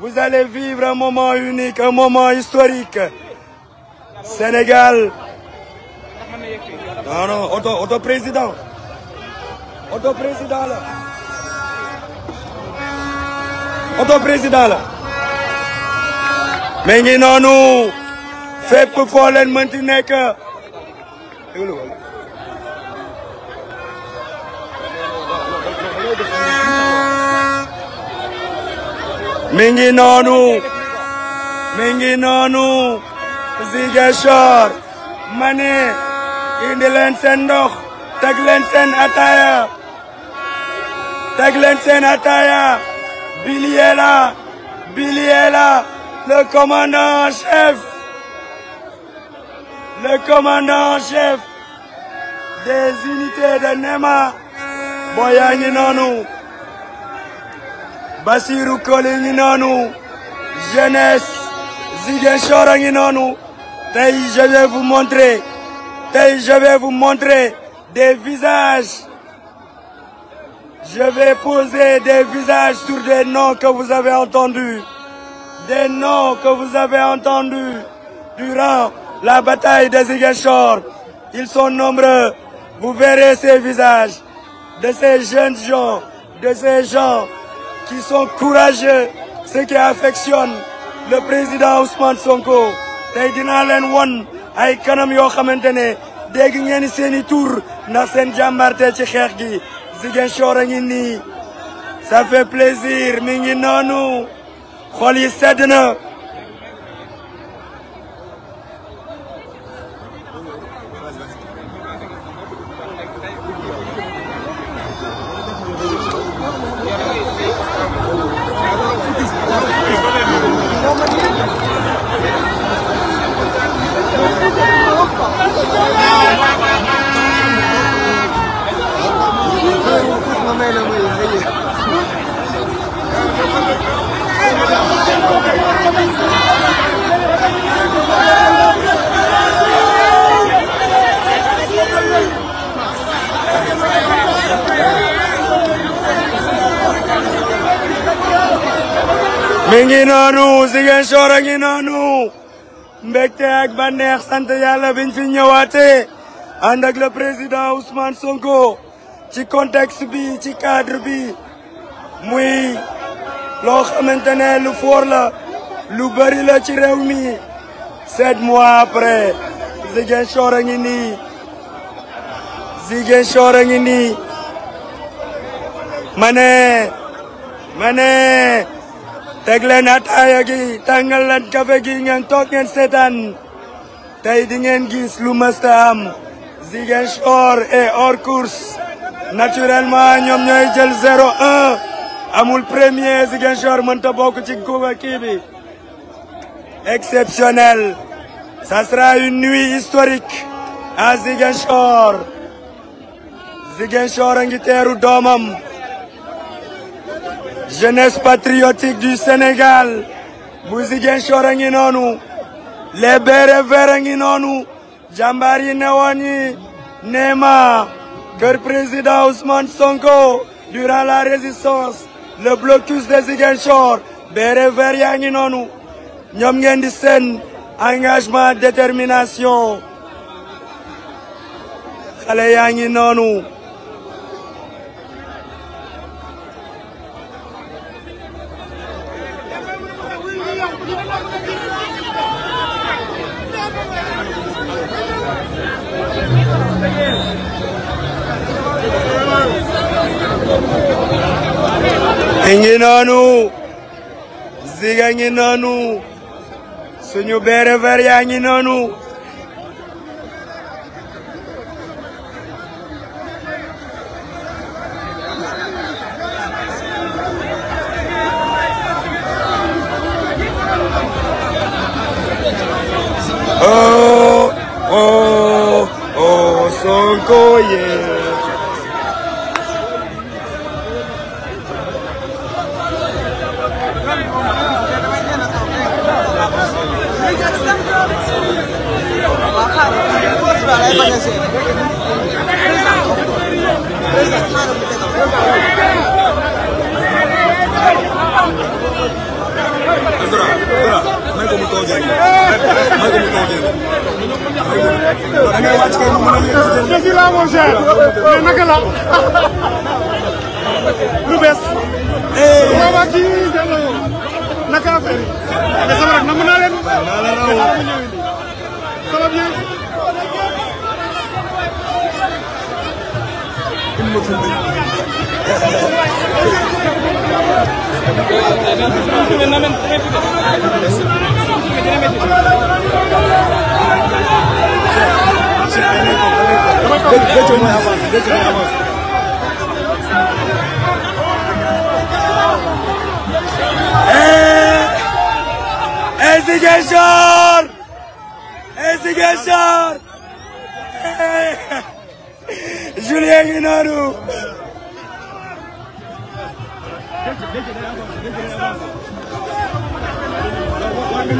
Vous allez vivre un moment unique, un moment historique. Sénégal. Non, non, auto, autoprésident. président. Auto président là. Auto président là. Mais nous, nous. nous pour le Mingi nonu, mingi nonu, zige shor, mane, ma ne indi Ataya, le commandant en chef le commandant en chef des unités de NEMA Boyani nonu. Basiru Koli jeunesse je vais vous montrer je vais vous montrer des visages je vais poser des visages sur des noms que vous avez entendus des noms que vous avez entendus durant la bataille des Ziguinchor ils sont nombreux vous verrez ces visages de ces jeunes gens de ces gens qui sont courageux ceux qui affectionnent le président Ousmane Sonko tey dinaa leen won ay kanam yoo xamante ne dégg ngeen seen i tur ndax seen jàmbarte ci xeex gi Ziguinchor a ngi nii ça fait plaisir mi ngi noonu xol yi mi ngi noonu Ziguinchor a ngi noonu mbégte ak banneex sant yàlla biñ fi ñëwaatee ànd ak le président Ousmane Sonko ci contexte bi ci cadre bi muy loo xamante ne lu foor la lu bëri la ci réew mi set mois après Ziguinchor a ngi nii Ziguinchor a ngi nii ma teg leen ataaya gi tàngal leen kafe gi ngeen toog ngeen seetaan tey di ngeen gis lu mësta am Ziguinchor et hors course naturellement ñoom ñooy jël 0-1 amul premier Ziguinchor mënta bokk ci kuba kii bi exceptionnel ça sera une nuit historique à Ziguinchor Ziguinchor a ngi teeru doomam jeunesse patriotique du Sénégal bu Ziguinchor Nonu, nous. les bérets verts Nema, ngi Nema, président Ousmane Sonko durant la résistance le blocus des Ziguinchor bérets verts Nonu, à nous, di engagement détermination xale nanu noonu ziga ngi noonu suñu beere ver ngi oh oh oh, oh Sonko Naka anlatıldı. Get, get your man out, get your man out. Ezik Eşar! yee ngi noonu Le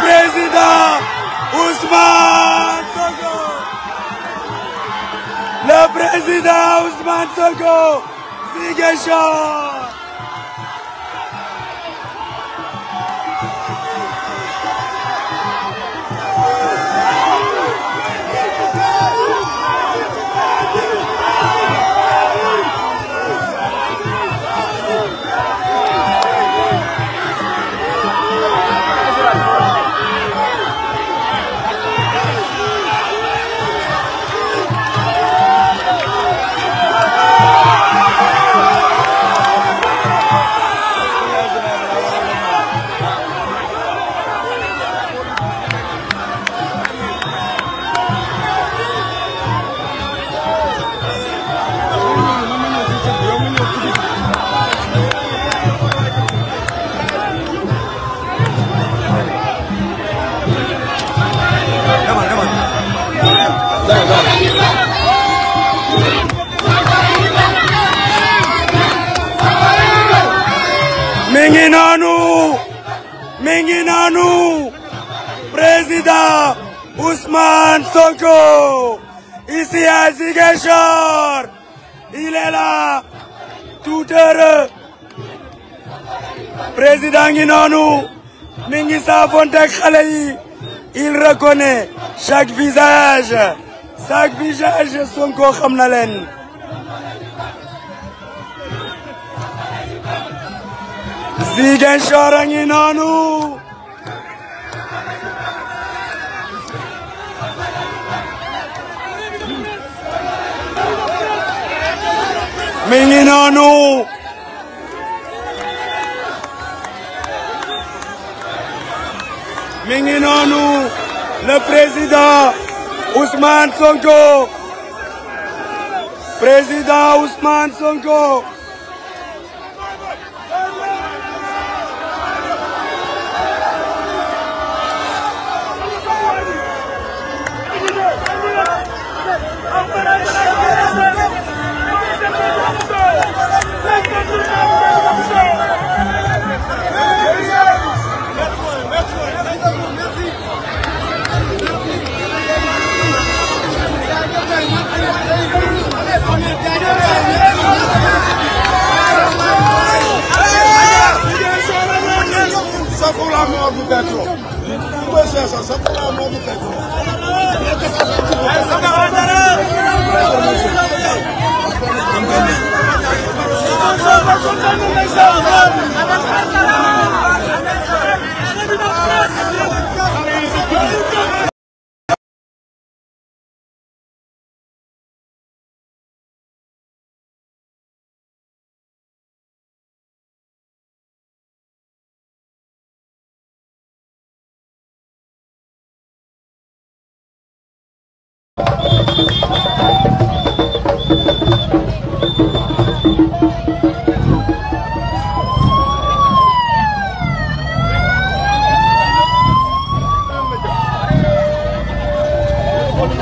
président prezida Usman Soko! Siege président Ousmane Sonko ici à Ziguinchor il est là tout heureux président ngi mingi il reconnaît chaque visage chaque visage Sonko Khamnalen. Ziguinchor a ngi noonu mi ngi noonu mi le président Ousmane Sonko président Ousmane Sonko petrol. People say it's acceptable, not petrol.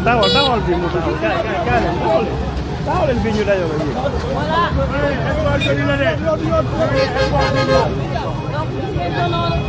dawal dawal dawal bi mu dawal gaay gaay gaay dawal dawal leen bi ñu dajale yi voilà